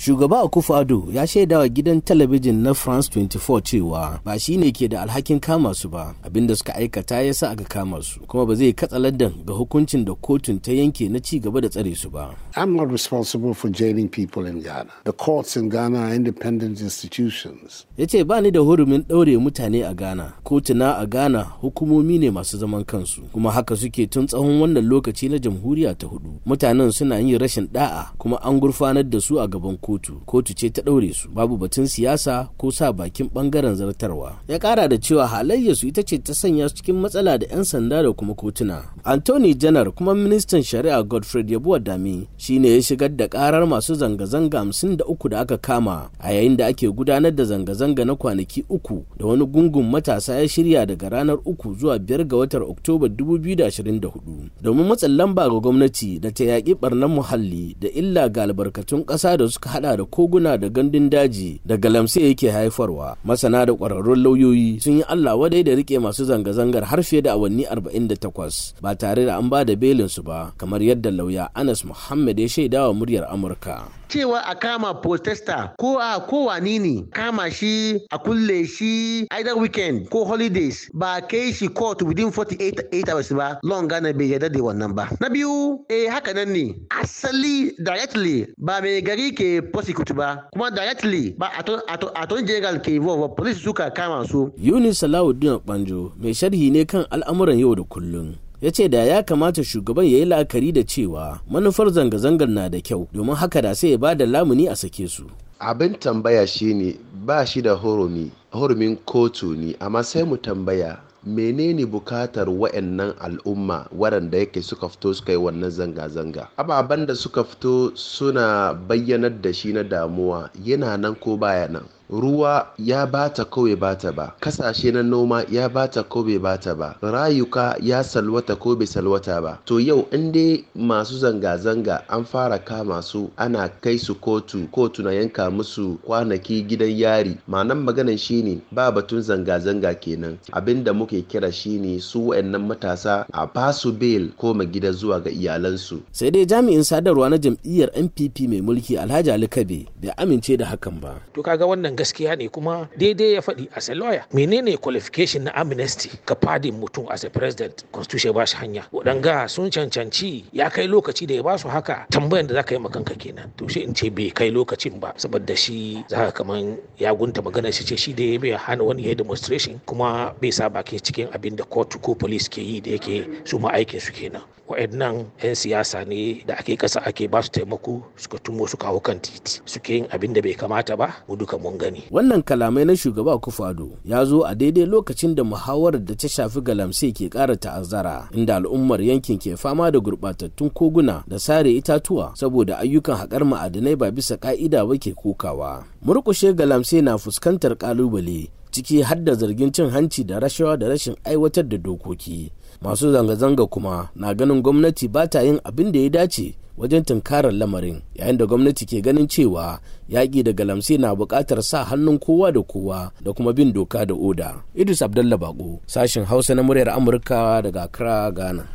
shugaba akufu ado ya shaida wa gidan talabijin na france 24 cewa ba shi ne ke da alhakin kama su ba abinda suka aikata ya sa aka kama su kuma ba zai katsalandan ga hukuncin da kotun ta yanke na ci gaba da tsare su ba i'm not responsible for jailing people in ghana the courts in ghana are independent institutions ya ce ba ni da hurumin ɗaure mutane a ghana kotuna a ghana hukumomi ne masu zaman kansu kuma haka suke tun tsawon wannan lokaci na jamhuriya ta hudu mutanen suna yin rashin da'a kuma an gurfanar da su a gaban kotu kotu ce ta ɗaure su babu batun siyasa ko sa bakin ɓangaren zartarwa ya kara da cewa halayyar su ita ce ta sanya su cikin matsala da 'yan sanda da kuma kotuna anthony janar kuma ministan shari'a godfred yabuwa dami shine ya shigar da karar masu zanga-zanga hamsin da uku da aka kama a yayin da ake gudanar da zanga-zanga na kwanaki uku da wani gungun matasa ya shirya daga ranar uku zuwa biyar ga watan oktoba 2024 domin matsin lamba ga gwamnati da ta yaƙi barnar muhalli da illa ga albarkatun ƙasa da suka hada da koguna da gandun daji da galamse yake haifarwa masana da kwararrun lauyoyi sun yi allah wadai da rike masu zanga-zangar har fiye da awanni 48 ba tare da an ba da belinsu ba kamar yadda lauya anas muhammad ya shaidawa muryar amurka cewa a kama protesta ko a kowa ne kama shi a kulle shi either weekend ko holidays ba kai shi court within 48 hours ba long gana bai yarda da wannan ba na biyu eh haka nan ne asali directly ba mai gari ke prosecute ba kuma directly ba attorney general ke involve police suka kama su Yunus Banjo mai sharhi ne kan al'amuran yau da kullum ya ce da ya kamata shugaban ya yi la'akari da cewa manufar zanga-zangar na da kyau domin haka da sai ya ba da lamuni a sake su abin tambaya shine ba shi da hurumi hurumin kotu ne amma sai mu tambaya menene bukatar wa'annan al'umma waɗanda yake suka fito suka yi wannan zanga-zanga ababen da suka fito suna bayyanar da shi na damuwa yana nan ko baya nan ruwa ya bata kawai bata ba kasashe na noma ya bata ko bata ba rayuka ya salwata ko bai salwata ba to yau in dai masu zanga-zanga an fara kama su ana kai su kotu kotu na yanka musu kwanaki gidan yari ma'anan maganan shine ba batun zanga-zanga kenan abinda muke kira shine su wayannan matasa a basu bail koma gida zuwa ga iyalansu sai dai jami'in sadarwa na jam'iyyar npp mai mulki alhaji ali bai amince da hakan ba to kaga wannan gaskiya ne kuma daidai ya faɗi as a lawyer menene qualification na amnesty ka fadin mutum as a president constitution ba shi hanya waɗanga sun cancanci ya kai lokaci da ya ba su haka tambayan da za ka yi makanka kenan to shi in ce bai kai lokacin ba saboda shi za ka kaman ya gunta magana shi ce shi da ya bai hana wani ya demonstration kuma bai sa baki cikin abin da court ko police ke yi da yake su ma aikin su kenan waɗannan 'yan siyasa ne da ake kasa ake ba su taimako suka tumo su kawo kan titi suke yin abin da bai kamata ba mu duka mun gani wannan kalamai na shugaba kufado ya zo a daidai lokacin da muhawarar da ta shafi galamse ke ƙara ta'azzara inda al'ummar yankin ke fama da gurɓatattun koguna da sare itatuwa saboda ayyukan haƙar ma'adinai ba bisa ƙa'ida ba ke kokawa murƙushe galamse na fuskantar ƙalubale ciki har da zargin cin hanci da rashawa da rashin aiwatar da dokoki masu zanga-zanga kuma na ganin gwamnati ba ta yin abin da ya dace wajen tunkarar lamarin yayin da gwamnati ke ganin cewa yaƙi da galamse na buƙatar sa hannun kowa da kowa da kuma bin doka da oda idris abdallah bako sashen hausa na muryar amurka daga accra ghana